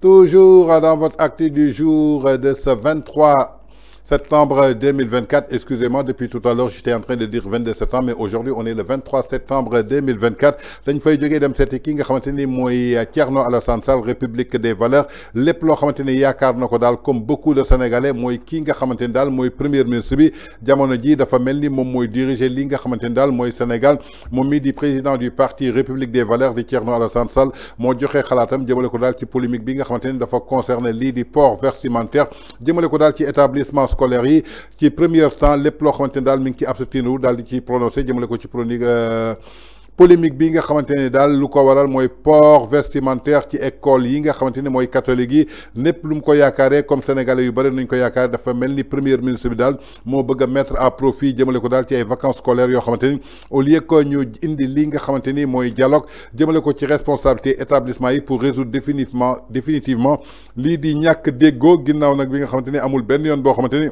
Toujours dans votre acte du jour de ce 23 septembre 2024. Excusez-moi, depuis tout à l'heure, j'étais en train de dire 22 septembre, mais aujourd'hui, on est le 23 septembre 2024. dañ fay jógee dem seeti ki nga xamante ni mooy Alassane Sall République des valeurs lépp loo xamante ni yaakaar na comme beaucoup de sénégalais mooy King nga xamante ni daal premier ministre bi jamono ji dafa mel ni moom mooy diriger li nga Sénégal moom midi di président du parti République des valeurs de Tierno Alassane Sall moo joxe Khalatam jëmale ko qui ci polémique bi nga xamante ni dafa concerner lii di port versimentaire, jëmale ko ci établissement scolaire yi ci première temps lépp loo xamante ni daal mi ngi ci abstenir daal di ci prononcé jëmale ko ci chronique euh, polémique bi nga xamanteni dal lu ko waral moy port vestimentaire ci école yi nga xamanteni moy catholique yi nepp lu mu ko yakare comme sénégalais yu bari nuñ ko yaakaare dafa melni premier ministre bi dal mo bëgg mettre à profit jëmele ko dal ci ay vacances scolaires yo xamanteni au lieu ko ñu indi li nga xamanteni moy dialogue jëmele ko ci responsabilité établissement yi pour résoudre définitivement définitivement li di ñak déggo ginnaw nak bi nga xamanteni amul ben yoon bo xamanteni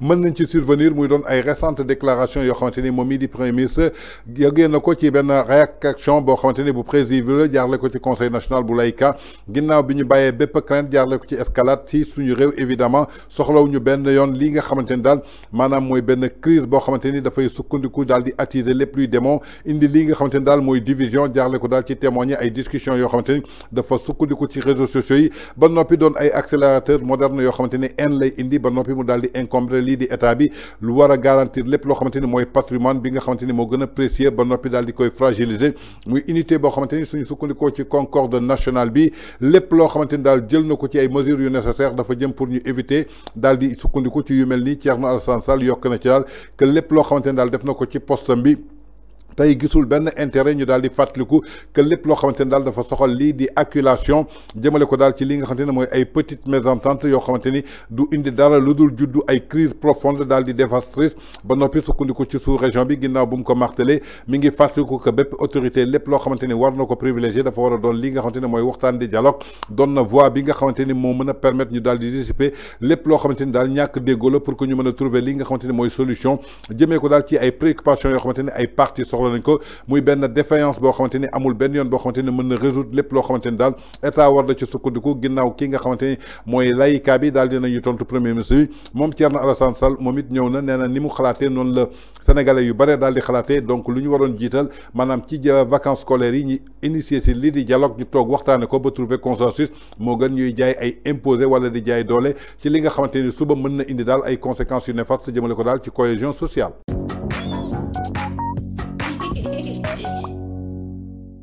man nañ ci survenir muy doon ay récentes déclarations yoo xamante ni moom mii di premier ministre yëgee na ko ci benn réaction boo xamante ni bu présidible la jaarale ko ci conseil national bu layka ginnaaw bi ñu bàyyee bépp crainte jaarale ko ci escalade ci suñu réew évidemment soxlaw ñu benn yoon lii nga xamante ni daal maanaam mooy benn crise boo xamante ni dafay sukkandiku daal di attiser les plus démons indi lii nga xamante ni daal mooy division jaarale ko daal ci témoigner ay discussions yoo xamante ni dafa sukkandiku ci réseaux sociaux yi ba noppi doon ay accélérateur moderne yoo xamante ni haine lay indi ba noppi mu daal di encombré li di état bi lu wara garantir lepp lo xamanteni moy patrimoine bi nga xamanteni mo gëna précieux ba nopi dal di koy fragiliser muy unité bo xamanteni suñu sukkandikoo ci concorde national bi les lo xamanteni dal jël nako ci ay mesures yu nécessaire dafa jëm pour ñu éviter dal di sukkandiku ci yu melni nii Thierno Alassane na ci dal que lepp lo xamanteni dal def nako ci poste bi tay gisul ben intérêt ñu daal di fàttaliku que lépp loo xamante ne dafa soxal li di acculation jëmale ko dal ci li nga xamanteni moy ay petite mésententes yoo xamante du indi dara lu juddu ay crise profonde daldi di dévastatrice ba noppi sukkandiku ci sous région bi ginnaw bu mu ko martelé mi ngi fàttaliku que bép autorité lepp lo xamanteni war nako ko privilégié dafa wara don li nga xamanteni moy waxtan di dialogue don na voix bi nga xamanteni mo moo permettre ñu daal di dissiper lepp lo xamanteni dal daal ñàkk pour que ñu mën trouver li nga xamanteni moy solution jëmee ko dal ci ay préoccupations yo xamanteni ay parties soxla nañ ko muy benn défaillance boo xamante ni amul benn yoon boo xamante ni mën na résoudre lépp loo xamante ni daal état war na ci sukkandiku ginnaaw ki nga xamante ni mooy layika bi daal dinañu tontu premier ministre bi moom Thierno Alassane Sall moom it ñëw na nee na ni mu xalaatee noonu la sénégalais yu bare daal di xalaatee donc lu ñu waroon jiital maanaam ci vacances scolaires yi ñu initier si lii di dialogue ñu toog waxtaane ko ba trouver consensus moo gën ñuy jaay ay imposé wala di jaay doole ci li nga xamante ni suba mën na indi daal ay conséquences yu néfastes jëmale ko daal ci cohésion sociale